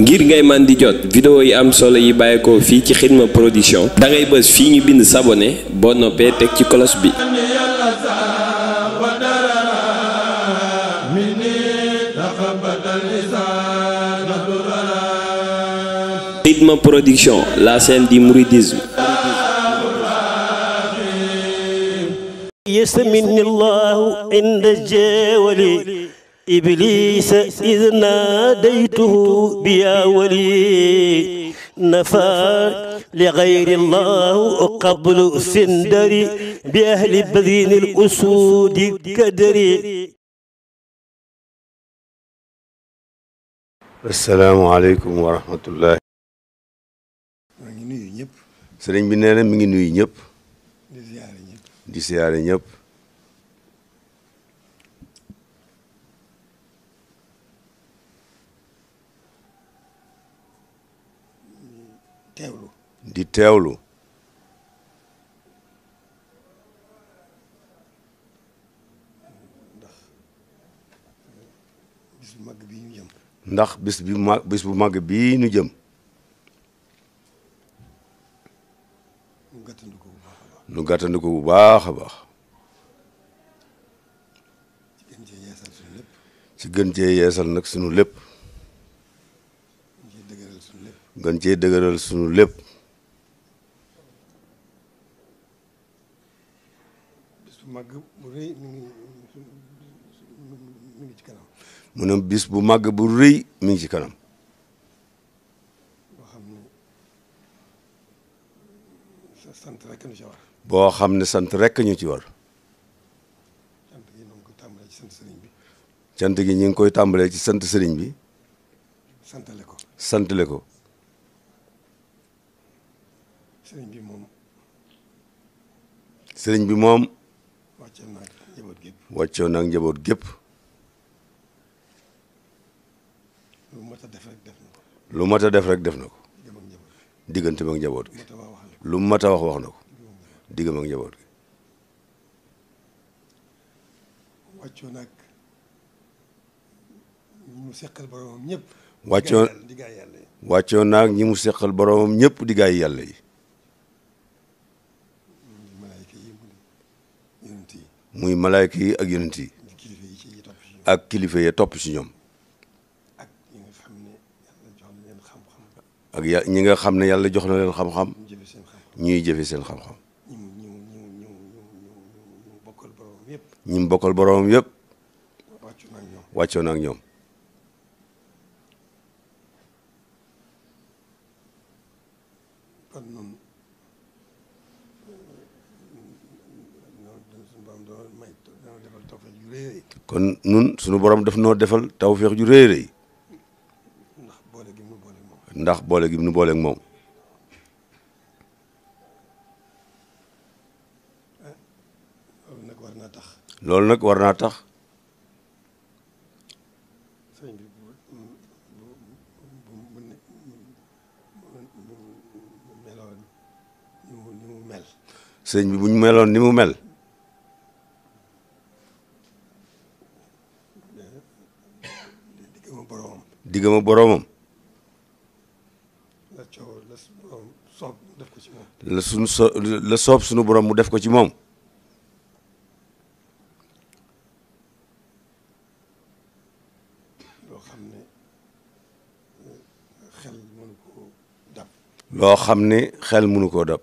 ngir ngay man jot vidéo yi am solo yi fi ci Xidma production da ngay fi ñu bind s'abonner et noppé tek ci cloche bi production la scène du mouridisme إبليس إذ ناديته بيا ولي نفى لغير الله قبل سندري بأهل بذين الأسود كدري السلام عليكم ورحمة الله sëriñ bi nee na mi ngi nuyu detail teewlu ndax bis bi ma bis bu mag bi ñu jëm nu gàttandu bu baax a baax ci gën ci yeesal nag sunu lépp gën ci dëgëral suñu lepp màgg bu rëy mi ngi ci kanam. mu ne bis bu màgg bu rëy mi ngi ci kanam. boo xam ne sant rek ñu ci boo xam ne sant rek ñu ci war. cant gi ñu ngi koy ci sant sëriñ bi. cant gi ñu ngi koy tàmbalee ci sant sëriñ bi. santale ko santale ko. sëriñ bi moom. sëriñ bi moom. wàccoon ak njaboot gépp lu mat a def rek def na ko mat a def rek def na ko diggante mag njaboot gi lu mat a wax wax na ko digg mag njaboot gi wàccoon ak ñi mu seqal boromam ñëpp wàccoon wàccoon ak ñi mu seqal boromam ñëpp di yàlla yi muy malaayka yi ak yonent yi ak kilifa ya topp si ñoom ak ya ñi nga xam ne yàlla jox na leen seen xam ñuy jëfe seen xam-xam ñi mu bokkal boroomam yëpp wàccoon ak ñoom kon nun sunu borom def no defal tawfiq ju reey reey ndax boole gi nu boole ak mom eh, lol war warna tax señ bi bu ñu ni mu mel دیگه ما برامم لصوب سنو برام مدف کچی مام لو خمني خل منو کو دب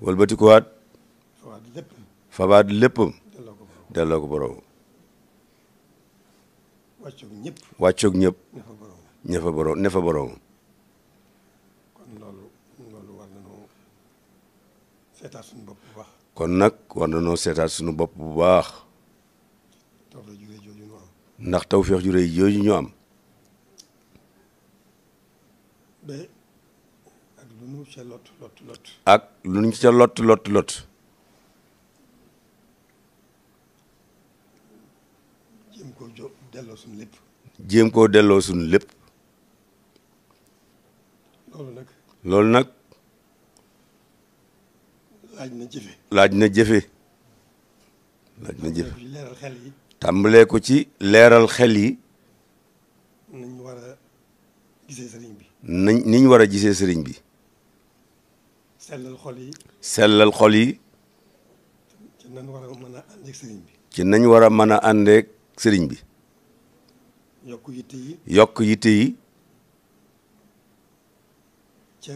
والبتكوات فبعد لبم دلوك برامم wàccoog ñëpp. wàccoog ñëpp. ña fa borom kon loolu loolu war nañoo seetaat bopp bu baax. kon nag war nañoo seetaat suñu bopp bu baax. ndax tawféex ju rëy jooju ñu am. ak lu ñu ca lot lot lot. ak lu ñu ca lot lot lot. jéem koo jo delloo suñu lépp. jéem koo delloo suñu lépp. loolu nag. loolu nag. laaj na jëfe. laaj na jëfe. laaj na jëfe xel yi. tàmbalee ko ci leeral xel yi. nañ war gise gisee sëriñ bi. nañ niñ war a gisee sëriñ bi. sellal xol yi. sellal xol yi. ci nañ war a àndeek sëriñ bi. ci nañ war a mën a àndeek sëriñ bi. yokk yitte yi. yokk yitte yi. ca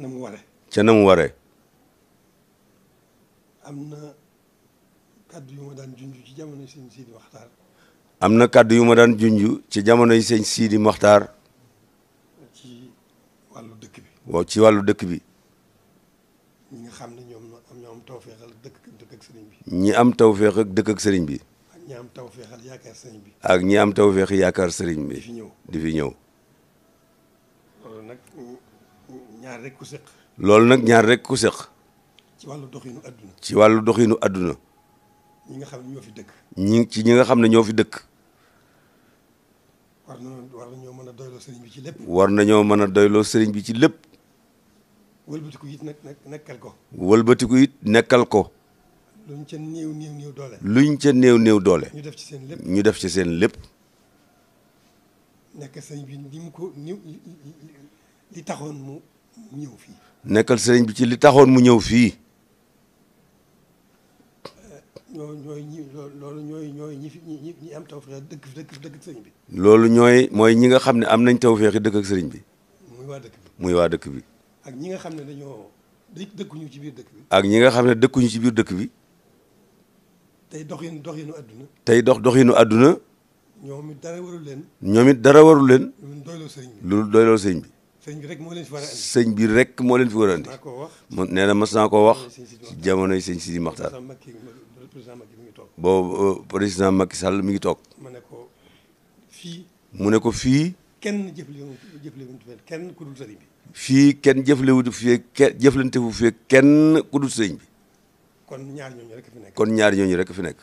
na mu ca na ware waree. am na kàddu yu ma daan junj ci jamonoy sëñ Sidi Maxtaar. am na kàddu yu ma daan junj ci jamonoy sëñ siidi Maxtaar. ci wàllu dëkk bi. waaw ci wàllu dëkk bi. ñi xam ne ñoom ñoo am tawféex ak dëkk ak sëriñ bi. ñi am tawféex ak dëkk ak sëriñ bi. ñi am tawfeex yaakaar sëriñ bi. ak ñi am tawfeex yaakaar sëriñ bi. di fi ñëw di fi ñëw. loolu nag ñaar rek ku sëq. loolu nag ñaar rek ku sëq. ci wàllu doxinu àdduna. wàllu doxinu àdduna. ñi nga xam ne ñoo fi dëkk. ñi ci ñi nga xam ne ñoo fi dëkk. war nañoo mën a doyloo sëriñ bi ci lépp. war nañoo mën a doyloo sëriñ bi ci lépp. wëlbatiku it nag nekkal ko. walbatiku it nekkal ko. luñ ca néew néew néew doole. luñ ca néew néew doole. ñu def ci seen lépp ñu def ci seen lépp. nekkal sëriñ bi ni mu ko ni li taxoon mu ñëw fii. nekkal sëriñ bi ci li taxoon mu ñëw fii. Eh, ñooy ñooy loolu ñooy ñooy ñi fi ñi ñi am tawfeex dëkk dëkk dëkk sëriñ bi. loolu ñooy mooy ñi nga xam ne am nañ tawfeex dëkk ak sëriñ bi. muy waa dëkk bi muy waa dëkk bi. ak ñi nga xam ne dañoo dëkkuñu ci biir dëkk bi. ak ñi nga xam ne dëkkuñu ci biir dëkk bi. tey dox yéen dox yéenu àdduna. tey dox dox yéenu àdduna. ñoom it dara warul leen. ñoom it dara warul leen. lu doyloo sëñ bi lu sëñ bi. sëñ bi rek moo leen fi war a andi. sëñ bi rek moo leen fi war a andi. man nee na mas naa koo wax. jamonoy sëñ Sidi Maxtaar. boobu euh, président Macky Sall mi ngi toog. mu ne fii. mu ne ko fii. kenn jëflewut kenn ku dul sëñ fii kenn jëflewut fii kenn jëflante fu kenn ku sëñ bi. kon ñaar ñooñu rek fi nekk. kon ñaar ñooñu rek fi nekk.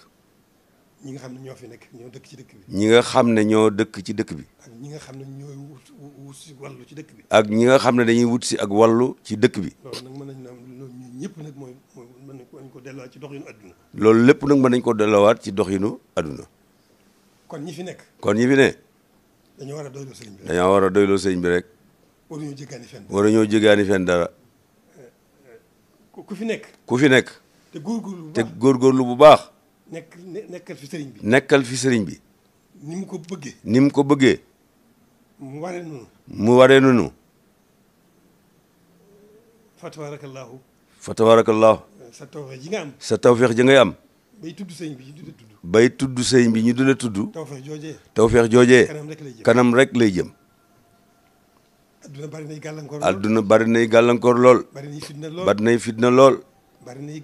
ñi nga xam ne ñoo fi nekk ñoo dëkk ci dëkk bi. ñi nga xam ne ñoo dëkk ci dëkk bi. ak ñi nga xam ne ñooy wut wut si ci dëkk bi. ak ñi nga xam ne dañuy wut si ak wàllu ci dëkk bi. loolu nag mën nañu loolu ñëpp nag mooy mooy mën nañu ko delluwaat ci doxinu adduna. loolu lépp nag mën nañu ko delluwaat ci doxinu adduna. kon ñi fi nekk. kon ñi fi ne. dañoo war a doyloo sëñ bi rek dañoo war a doyloo sëñ bi rek. waruñoo jéggaani fenn. waruñoo jéggaani fenn dara. Eh, eh, ku fi nekk. ku fi nekk. te góorgóorlu bu baax te góorgóorlu bu baax. nekk nekkal fi sëriñ bi. nekkal fi sëriñ bi. ni mu ko bëggee. ni mu ko bëggee. mu waree noonu. mu waree noonu. fa tabaarakallaahu. fa tabaarakallaahu. sa tawfeex ji nga am. sa tawfeex ji ngay am. bay tudd sëriñ bi ñu dula tudd. bay tudd sëriñ bi ñu dula tudd. tawfeex joojee. tawfeex joojee. kanam rek lay jëm kanam rek lay jëm. adduna bari nay gàllankoor lool adduna bari nay gàllankoor lool. bari nay fitna lool bari nay fitna lool. bari nay.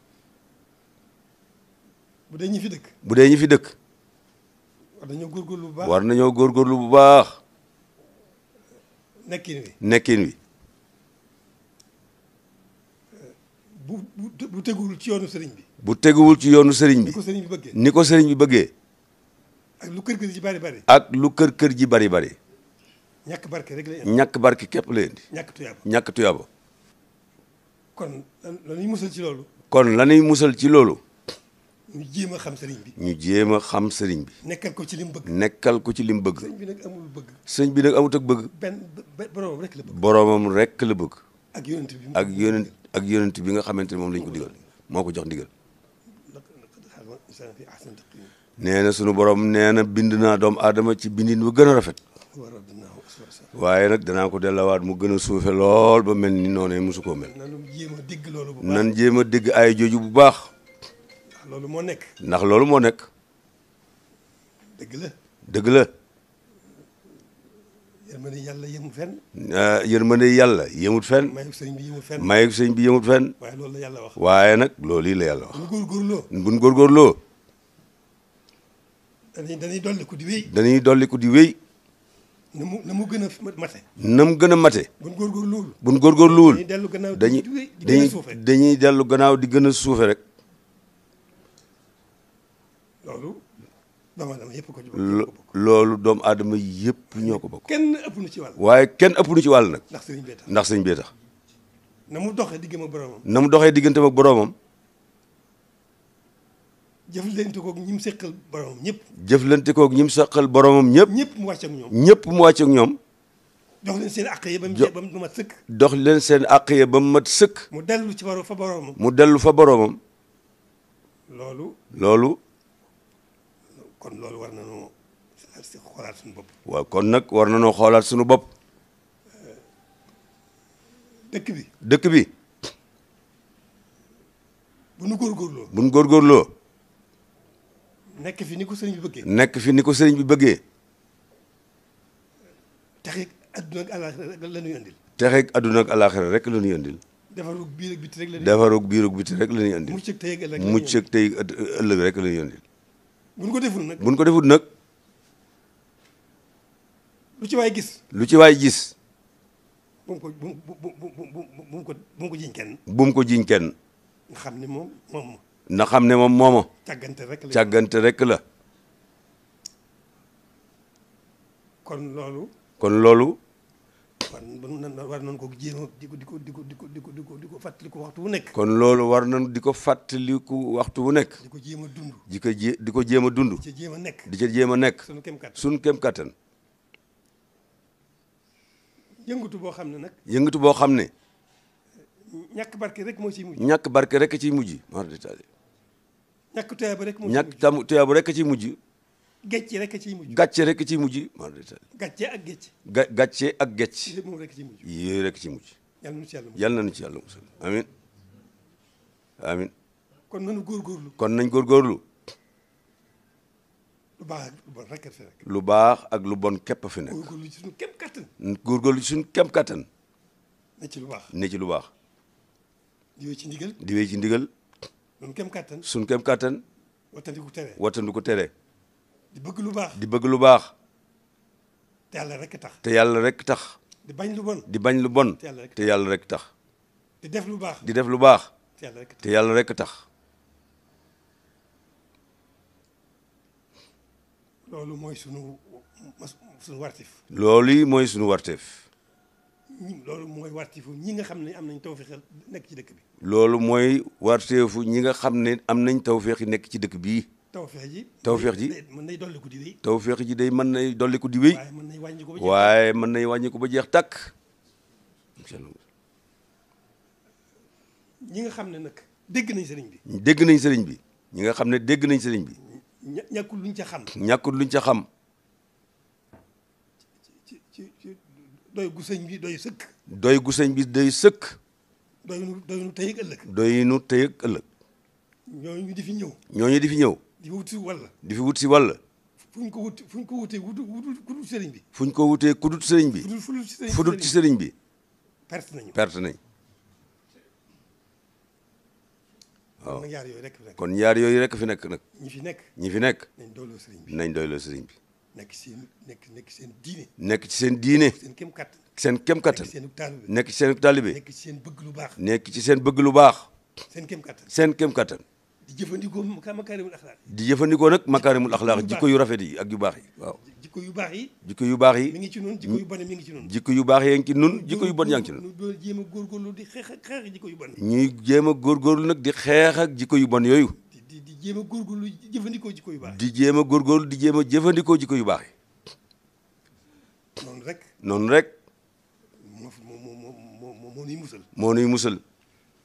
bu dee ñi fi dëkk. bu dee ñi fi dëkk. war nañoo góorgóorlu bu baax nañoo góorgóorlu bu baax. nekkin wi nekkin wi. bu bu bu teguwul ci yoonu sëriñ bi. bu teguwul ci yoonu sëriñ bi. ni ko sëriñ bi bëggee ni bëggee. ak lu kër kër ji bari bari. ak lu kër kër ji bari bari. ñàkk barke rek la ñàkk barke képp ñàkk tuyaaba kon lan la ñuy musal ci loolu. kon musal ci loolu. ñu jéem a xam sëriñ bi. ñu jéem a xam sëriñ bi. nekkal ko ci lim bëgg. nekkal ko ci lim bëgg. sëñ bi nag bëgg. sëñ bi nag amut bëgg. benn boromam rek la bëgg. rek la bëgg. ak yonent bi ak yonent ak yonent bi nga xamante ne moom lañ ko digal moo ko jox ndigal. nee na sunu borom nee na bind naa doomu aadama ci bindin bu gën a rafet. waaye nag danaa ko dellawaat mu gën a suufe lool ba mel ni noonu musu koo mel. nan jéem a dégg a ay jooju bu baax. loolu moo nekk. ndax loolu moo nekk. dëgg la. dëgg la. yërmande yàlla yemut fenn. Eh, yërmande yàlla yemut fenn. mayeeg sëñ bi yemut fenn. mayeeg sëñ bi yemut fenn. waaye loolu la yàlla wax. waaye nag loolu la yàlla wax. bu ñu góorgóorloo. bu ñu góorgóorloo. dañuy dañuy dolli di dañuy dolli ku di wéy. na mu na mu gën a mate. na mu gën a mate. bu ñu góorgóorluwul. bu ñu góorgóorluwul. dañuy dellu gannaaw di dañuy dañuy dellu gannaaw di gën a suufe rek. loolu doomu aadama yëpp ko loolu doomu aadama yëpp ñoo ko bokk. kenn ëpp ci waaye kenn ëpp nu ci wàll nag. ndax sëñ bee ndax sëñ bee tax. na mu doxee diggante ak boroomam. na mu doxee diggante ak boroomam. jëflante koog ñi mu seqal boroomam ñëpp. jëflante koog ñi mu seqal ñëpp. ñëpp mu wàcc ñoom. ñëpp mu wàcc ñoom. dox leen seen àq yi ba mu mat sëkk. dox leen seen àq ba mu mat sëkk. mu dellu ci fa boroomam. mu dellu fa boroomam. loolu. kon loolu war nañoo xoolaat suñu bopp. waaw kon nag war nañoo xoolaat suñu bopp. dëkk bi dëkk bi. bu nu góorgóorloo bu nu góorgóorloo. nekk fi ni ko sëriñ bi bëggee. nekk fi ni ko sëriñ bi bëggee. texeeg adduna ak alaaxira rek la ñuy andil. texeeg adduna ak alaaxira rek la ñuy andil. defarug biir ak rek la ñuy. defarug biir ak biti rek la ñuy andil. mucc ak tey ëllëg rek la ñuy andil. buñ ko deful nag buñ ko deful nag. lu ci waay gis. lu ci waay gis. bu mu ko bu mu ko bu mu xam ne moom moom na xam ne moom moom càggante rek la càggante rek la. kon loolu. kon loolu. war war nañ ko jéem di ko di di ko di ko di ko di di ko fàttaliku waxtu wu nekk. kon loolu war nañ di ko fàttaliku waxtu wu nekk. di ko jéem a dund. di ko jé jéem a dund. di jéem a nekk. di ca jéem nekk. sunu kem kattan sunu kem kattan. yëngatu boo xam ne nag. yëngatu boo xam ne. ñàkk barke rek moo ciy mujj. ñàkk barke rek ciy mujj. ñàkk tuyaaba rek moo ciy mujj ñàkk tuyaaba rek ciy mujj. gàcce rek ciy mujj. gàcce rek ciy mujj. gàcce ak gàcce. ga gàcce ak gàcce. moom rek ciy mujj yooyu rek ciy mujj. yal nañu ci yàlla musal yal nañu ci yàlla musal amiin amiin. kon nañu góorgóorlu. kon nañ góorgóorlu. lu baax ak lu bon rek fi nekk. lu baax ak lu bon képp fi nekk. góorgóorlu ci suñu kéem kattan. góorgóorlu ci suñu kéem kattan. ne ci lu baax ne ci lu baax. di wéy ci ndigal di wéy ci ndigal. suñu kéem kattan suñu kéem kattan. wattandiku tere wattandiku tere. di bëgg lu baax di bëgg lu baax. te yàlla rek tax te yàlla rek tax. di bañ lu bon di bañ lu bon. te yàlla rekk tax di def lu baax di def lu baax. te yàlla rek tax. loolu mooy sunu sunu warteef. loolu yi mooy sunu warteef. loolu mooy warteefu ñi nga xam ne am nañ tawféex nekk ci dëkk bi. loolu mooy warteefu ñi nga xam ne am nañ tawféex nekk ci dëkk bii. tawfeex ji tawfeex ji mën nay dolliku di wéy tawfeex ji day mën nay dolliku di wéy waaye mën nay wàññi ko ba jeex tàkk ñi nga xam ne nag dégg nañ sëriñ bi dégg nañ sëriñ bi ñi nga xam ne dégg nañ sëriñ bi ñàkkul luñ ca xam ñàkkul luñ ca xam ci doy gu sëñ bi doy sëkk doy gu sëñ bi doy sëkk doy nu doy nu tey ëllëg doy nu tey di fi ñëw ñooñu di fi ñëw di wut si wàll. di fi wut si wàll. fu ñu ko wut fu ñu ko wutee wutu kudut sëriñ bi. fu ko wutee kudut seriñ bi. fudut ci sëriñ bi perte nañu perte nañu. waaw kon ñaar yooyu rek fi nekk nag. ñi fi nekk ñi fi nekk. nañ doyloo sëriñ bi nañ doyloo sëriñ bi. nekk ci seen nekk nekk seen diine. nekk ci seen diine. seen kem kattan seen kem nekk ci seen taalibe nekk ci seen bëgg lu baax. nekk ci seen bëgg lu baax. seen kem seen kem kattan. di jëfandikoo makaarimul axlaaq di jëfandikoo nag makaarimul axlaaq jikko yu rafet yi ak yu baax yi waaw jikko yu baax yi jikko yu baax yi mi ngi ci nun jikko yu bon mi ngi ci nun jikko yu baax yaa ngi ci nun jikko yu bon yaa ngi ci nun ñu doon jéem a góorgóorlu di xeex ak xeex jikko yu bon ñuy jéem a góorgóorlu nag di xeex ak jikko yu bon yooyu di di jéem a góorgóorlu di jëfandikoo jikko yu baax di jéem a góorgóorlu di jéem a jëfandikoo jikko yu baax yi noonu rek noonu rek moo moo moo moo moo nuy musal moo nuy musal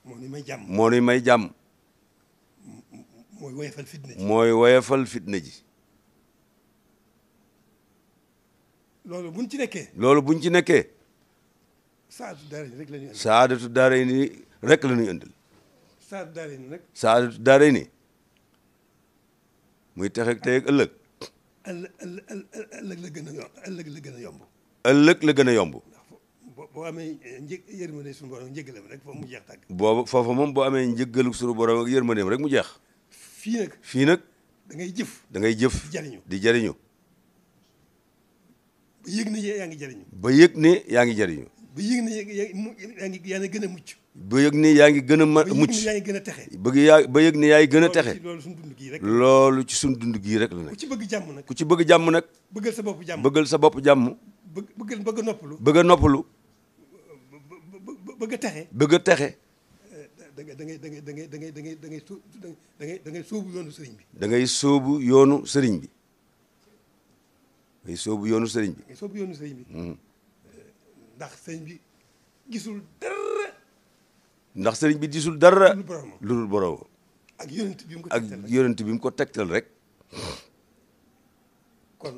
moo nuy may jàmm moo nuy may jàmm mooy woyefal fitna ji mooy woyefal fitna ji. loolu buñ ci nekkee. loolu buñ ci nekkee. saadatu daara yi rek la ñuy indil. saadatu daara yi rek la ñuy indil. saadatu daara yi nag. saadatu daara yi nii muy tex ak tey la gën a yomb ëllëg la gën a yomb. ëllëg la gën a yomb. boo amee njëg yërmande suñu borom njëgalam rek foofu mu jeex tàgg. boobu foofu moom boo amee njëgalu suñu borom ak yërmandeem rek mu jeex. fii nag fii nag. da jëf dangay jëf. di jariñu di jariñu. ba yëg ne yaa ngi jariñu. ba yëg ne yaa ngi jariñu. ba yëg ne yaa ngi yaa ngi gën a mucc. ba yëg ne yaa ngi gën a mucc ba yëg ne yaa ngi gën a texe. bëgg yaa ba yëg ne yaa gën a texe. loolu ci dund gii rek. loolu ci suñu dund gii rek la nag. ku ci bëgg jàmm nag. ku ci bëgg jàmm nag. bëggal sa bopp jàmm bëggal sa bopp jàmm. bëgg bëgg a noppalu. bëgg a bëgg texe. bëgg texe. da ngay da ngay da ngay da ngay da ngay su da ngay da yoonu sëriñ bi. da ngay sóobu yoonu sëriñ bi. ngay sóobu yoonu sëriñ bi. ngay sóobu yoonu sëriñ bi. Hmm. ndax bi gisul dara. ndax sëriñ bi gisul dara. lu dul borom ak yonent bi mu ko tegtal ak yonent bi mu ko tegtal rek. kon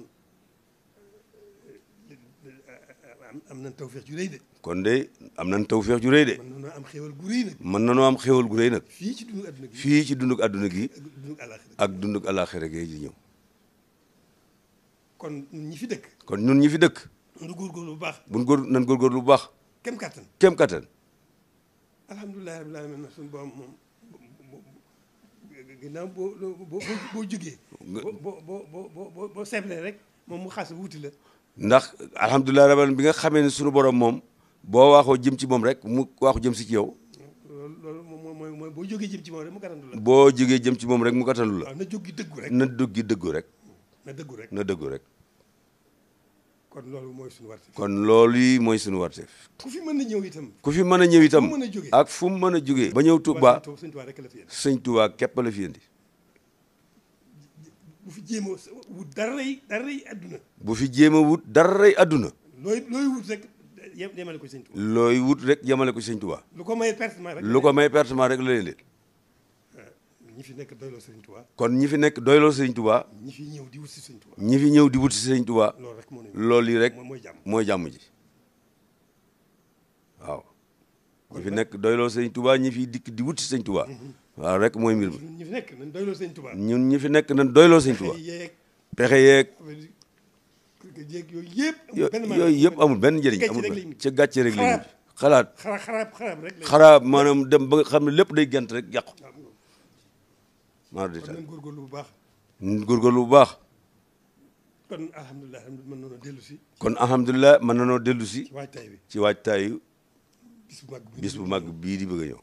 eh, am nañ tawfeex ju de. kon de am nañ tawféex ju rëy de. mën nañoo am xéwal gu rëy nag. mën nañoo am xéwal gu rëy nag. fii ci dundug adduna gi fii ci dundug adduna gi. ak dundug alaxira gi di ñëw. kon ñun ñi fi dëkk. kon ñun ñi fi dëkk. nu góorgóorlu bu baax. bu nu góor nañ góorgóorlu bu baax. kem kattan kem kattan. alhamdulilah rabbil alamin suñu borom moom ginnaaw boo boo boo jógee. boo boo boo boo boo seetlee rek moom mu xas wuuti la. ndax alhamdulilah rabbil alamin bi nga xamee ne suñu borom moom. boo waaxoo jëm ci moom rek mu waaxu jëm si ci yow. loolu moom mooy boo jógee jëm ci moom rek mu gàttandu la. boo jógee ci moom rek mu gàttandu la. na jógi dëggu rek na jógi dëggu rek. na dëggu rek na dëggu rek. kon loolu mooy suñu warteef. kon loolu yi mooy suñu warteef. ku fi mën a ñëw itam. ku fi mën a ñëw itam ak fu mën a jógee. ba ñëw Touba sëñ Touba képp la fi indi. bu fi jéem a wut dara rey dara rey adduna. bu fi jéem a wut dara rey adduna. yemale ko sëñ looy wut rek yemale ko sëñ Tuubaa lu ko may pertement rek lu ko may pertement rek lay leen ah, ñi fi nekk doyloo sëñ kon ñi fi nekk doyloo sëñ Tuubaa ñi fi ñëw di wut si sëñ Tuubaa ñi fi ñëw di wut si sëñ Tuubaa loolu yi rek mooy jàmm ji waaw ñi fi nekk doyloo sëñ Tuubaa ñi fi dikk di wut si sëñ mm-hmm. waaw rek mooy mbir mi ñun fi nekk nañ doyloo sëñ Tuubaa ñun ñi fi nekk nañ doyloo sëñ Tuubaa pexe yeeg yooyu yëpp. yooyu yëpp amul benn njëriñ amul benn ca gàcce rek lañu xalaat xaraab xaraab rek xaraab maanaam dem ba nga xam ne lépp day gent rek yàqu. maa ngi leen góorgóorlu bu baax. góorgóorlu lu baax. kon alhamdulilah mën nañoo dellusi kon alhamdulilah mën nañoo dellu si. ci waajtaay bi ci waajtaayu. bis bu mag bii di bëgg a ñëw.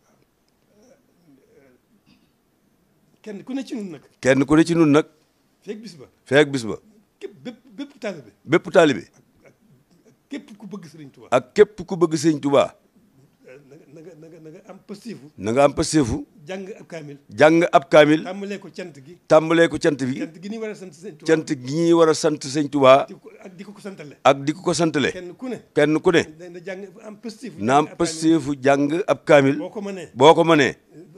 kenn ku ne ci nun nag. kenn ku ne ci nun nag. feeg bis ba feeg bis ba. képp bépp taalibe. bépp taalibe. képp ku bëgg sëriñ Tuubaa. ak képp ku bëgg sëriñ Tuubaa. na nga am pësteefu. na ab kaamil. jàng ab kaamil. tàmbalee ko cant gi. tàmbalee ko cant gi. cant gi ñuy war sant sëñ Tuubaa. cant gi ñuy war sant sëñ Tuubaa. ak di ko santale. ak di ko santale. kenn ku ne. kenn ku ne. na jàng am pësteefu. na am pësteefu jàng ab kaamil. boo ko mënee boo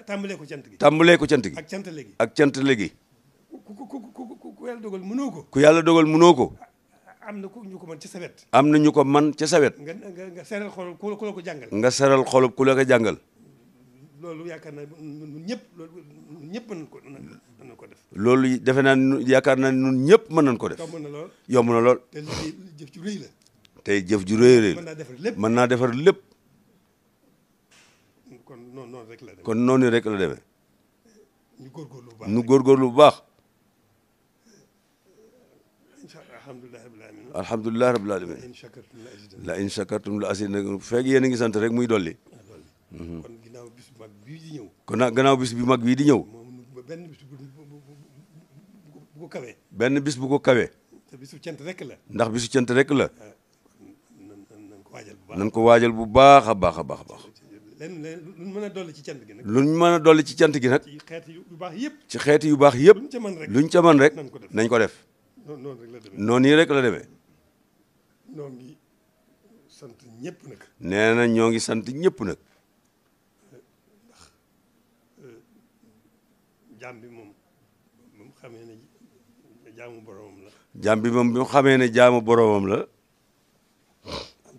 tàmbalee ko cant gi. tàmbalee ko cant ak cant léegi. ak cant léegi. ku ku ku ku yàlla dogal mënoo ko. ku yàlla dogal mënoo ko. am na ñu ko mën ca sawet. am na ñu ko man ca sawet. nga nga nga seral ku la ko jàngal. nga seral xol ku la ko jàngal. loolu yaakaar naa ñëpp loolu ñëpp mën nañu ko ko def. loolu defe naa yaakaar naa ñun ñëpp mën nañu ko def. yomb na lool yomb na lool. te jëf ju rëy la. te jëf ju rëy rëy. mën naa defar lépp mën naa defar lépp. noonu rek la demee kon noonu rek la demee. ñu góorgóorlu bu baax ñu góorgóorlu bu baax. alhamdulilah rabbil alamin la in shakartum la azidannakum fekk yéen a ngi sant rek muy dolli. Ah, mhm. kon gannaaw bis bu mag bii di ñëw. kon nag gannaaw bis bu mag bii di ñëw. benn bis bu ko kawee. benn bis bu ko kawee. te cant rek la. ndax bisu cant rek la. Ah, nan ko waajal bu baax ko waajal bu baax a baax a baax a baax. lenn lenn luñ mën a dolli ci cant gi nag. luñ mën dolli ci cant gi nag. ci xeeti yu baax yëpp. ci xeeti yu baax yëpp. luñ ca mën rek luñ ca mën rek nañ ko def. noonu rek la demee noonu yi rek la demee. ñoo ngi sant ñëpp nag. nee na ñoo ngi sant ñëpp nag. Eh, jaam bi moom ba mu xamee ne jaamu boromam la. moom bi mu xamee ne jaamu boromam la.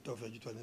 am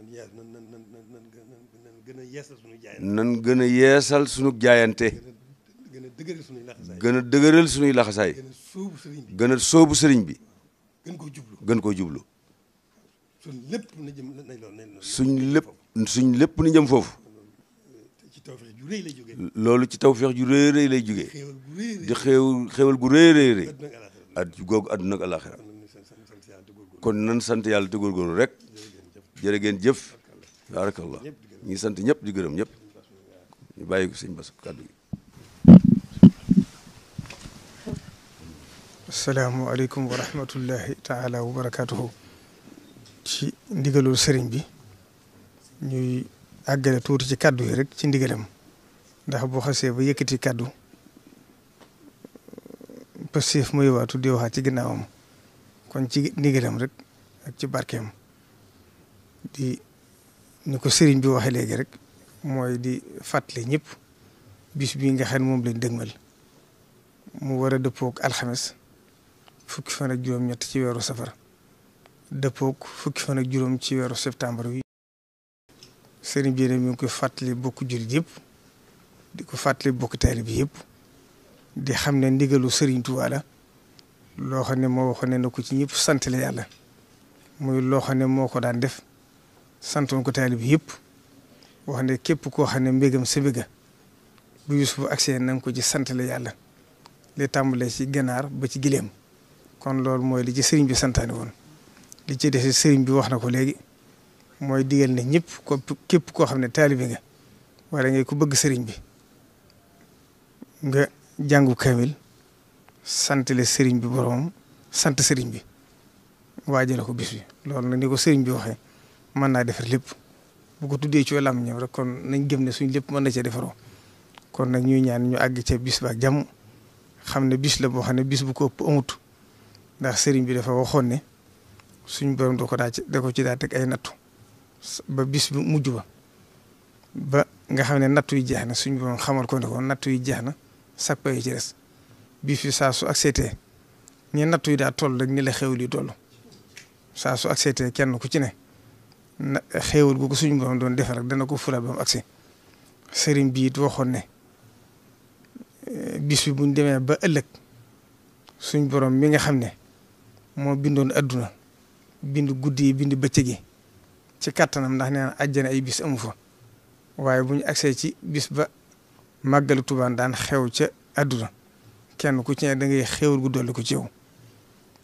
nan gën a yeesal sunu jaayante gën a dëgëral sunuy laxasaay gën a dëgëral sunuy laxasaay gën a sóobu sëriñ bi gën ko jublu gën koo jublu suñ lépp na jëm suñ lépp suñ lépp na jëm foofu loolu ci tawfeex ju rëy lay jógee di xew xewal gu rëy rëy rëy at googu àdduna ak alaxira kon nan sant yàlla te góorgóorlu rek jërë ngeen jëf barakallah ñu ngi sant ñëpp di gërëm ñëpp ñu bàyyi ko sëñ Bass kàddu gi. asalaamualeykum wa rahmatullahi taala ci ndigalul sëriñ bi ñuy àggale tuuti ci kàddu yi rek ci ndigalam ndax boo xasee ba yëkkati kàddu passif muy waatu di waxaat ci ginnaawam kon ci ndigalam rek ak ci barkeem di. ni ko sëriñ bi waxee léegi rek mooy di fàttale ñëpp bis bii nga xam ne moom lañ dëgmal mu war a dëppoog alxames fukki fan ak juróom weeru safar dëppoog fukki fan juróom ci weeru septembre wi. sëriñ bi mi ngi koy fàttali bokk jullit yëpp di ko fàttali bokk taalibe bi yëpp di xam ne ndigalu sëriñ Tuubaa la loo xam ne moo waxoon ne na ko ci ñëpp sant la yàlla muy loo ne moo ko daan def. sant santoon ko taalib yëpp wax ne képp koo xam ne mbégam sa bu Yuusufu agsee na nga ko ci sant la yàlla li tàmbalee ci ganaar ba ci gileem kon loolu mooy li ci sëriñ bi santaane woon li ci des sëriñ bi wax na ko léegi mooy digal ne ñëpp ko képp koo xam ne taalibe nga wala ngay ko bëgg sëriñ bi nga jàngu kamil sant le sëriñ bi boroom sant sëriñ bi waajale ko bis bi loolu nag ni ko sëriñ bi waxee mën naa defar lépp bu ko tuddee ci wàllam ñëw rek kon nañ gém ne suñ lépp mën na cee defaroo kon nag ñuy ñaan ñu àgg cee bis ba ak xam ne biss la boo xam ne bis bu ko ëpp amut ndax sëriñ bi dafa waxoon ne suñ ko daa ci ci daa teg ay nattu ba bis mujj ba ba nga xam ne nattu yi jeex na suñ borom xamal ko ne ko nattu yi jeex na sakk yi ci des bi fi saa su ak seetee ñi nattu yi daa toll rek ni la xew li toll saa su ak kenn ku ci ne. na xéewal gu ko borom doon defal dana ko fulaat ba mu agsi sëriñ bi waxoon ne eh, bis bi buñ demee ba ëllëg suñ borom mi nga xam ne moo bindoon adduna bind guddi bind bëccëg ci kattanam ndax nee na ay bis amu fa waaye bu ñu agsee ci bis ba màggalu tubaan daan xew ca adduna kenn ku ci ne da ngay xéewal gu dolli ko ci yow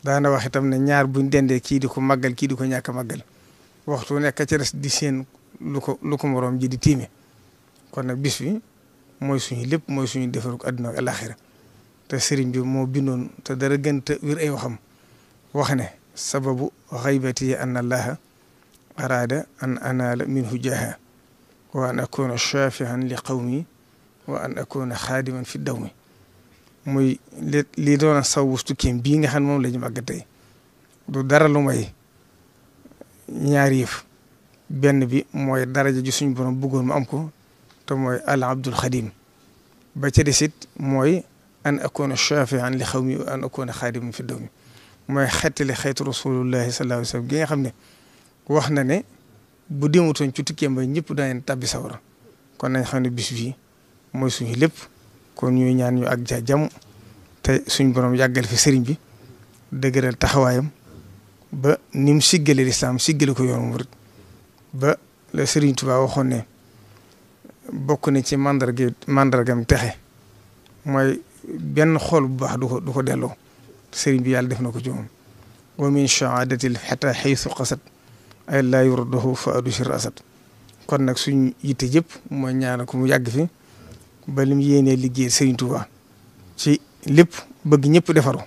daana wax itam ne ñaar buñ dendee kii di ko màggal kii di ko ñàkk a màggal waxtu nekk ci res di seen lu ko lu ko moroom ji di tiime kon nag bis bi mooy suñu lépp mooy suñu defarug àdduna ak alaxira te sëriñ bi moo bindoon te dara gën te wir ay waxam wax ne sababu xaybati an allaha araada an anaala minhu jaaha wa an akuna shafihan li qawmi wa an akuna xaadiman fi dawmi muy li li doon saw wustu kéem bii nga xam ne moom la ñu màgg tey du dara lu may ñaari yëf benn bi mooy daraja ji suñu borom bëggoon mu am ko te mooy al abdul xadim ba ca desit mooy an akoona shafian li xaw mi an akoona xaadiman fi daw mi mooy xettali xeetu rasulullahi sallallahu alayhi wa sallam gi nga xam ne wax na ne bu demutoon ci tukkeem ba ñëpp daañu tabbi sawra kon nañ xam ne bis bii mooy suñu lépp kon ñuy ñaan ñu ak ja jàmm te suñu borom yàggal fi sëriñ bi dëgëral taxawaayam ba ni mu siggale lislaam siggale ko yoonu murit ba la Serigne Touba waxoon ne bokk na ci mandarga mandargam texe mooy benn xool bu baax du ko du ko delloo Serigne bi yàlla def na ko ci moom wa min shahaadatil xata xaysu qasat ay laa yurdahu fa adushir asad kon nag suñ yitte yëpp mooy ñaana ko mu yàgg fi ba mu yéenee liggéey Serigne Touba ci lépp bëgg ñëpp defaru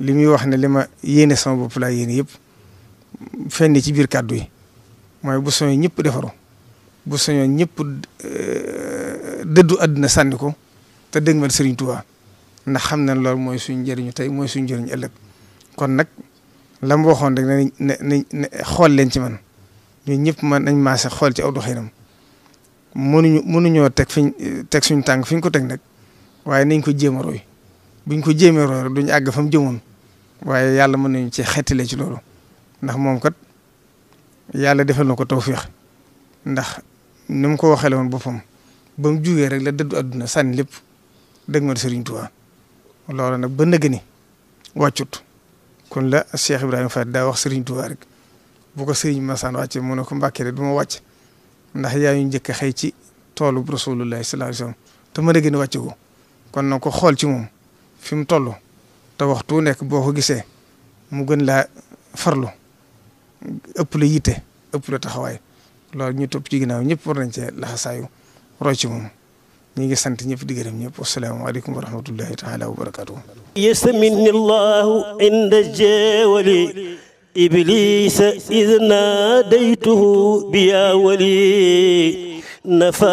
li muy wax ne li ma yéene sama bopp laa yéene yëpp fenn ci biir kàddu yi mooy bu soñoon ñëpp defaru bu soñoon ñëpp euh, dëddu àdduna sànni ko te dégg man Serigne Touba ndax xam na loolu mooy suñ njëriñu tey mooy suñ njëriñu ëllëg kon nag la waxoon rek xool leen ci man ñu ñëpp man nañ maase xool ci aw doxinam mënuñu mënuñoo teg fiñ teg suñ tànk fi ko teg nag waaye nañ ko jéem a roy buñ ko jéemee roore duñ àgg fa mu woon waaye yàlla mën nañu ci xettile ci loolu ndax moom kat yàlla defal na ko tawféex ndax ni ko waxee woon boppam ba mu jugee rek la dëddu àdduna sànni lépp dëgg ma Serigne Touba loolu nag ba nëgg ni kon la Cheikh Ibrahima Fall daa wax Serigne Touba rek boo ko Serigne Massane wàccee mu ne ko Mbàkke de du ma ndax yaa ñu njëkk a xëy ci toolu Rasulullahi sallallahu alayhi wasallam te ma nëgg ni ko kon na ko xool ci moom. fi mu toll te waxtu nekk boo ko gisee mu gën laa farlu ëpp la yitte ëpp la taxawaay loolu ñu topp ci ginnaaw ñëpp war nañ cee laxasaayu roy ci moom ñu ngi sant ñëpp di gërëm ñëpp wasalaamaaleykum wa rahmatullahi taala wa barakaatu yasamini llahu inda jeewali iblisa id naadaytuhu biya wali nafa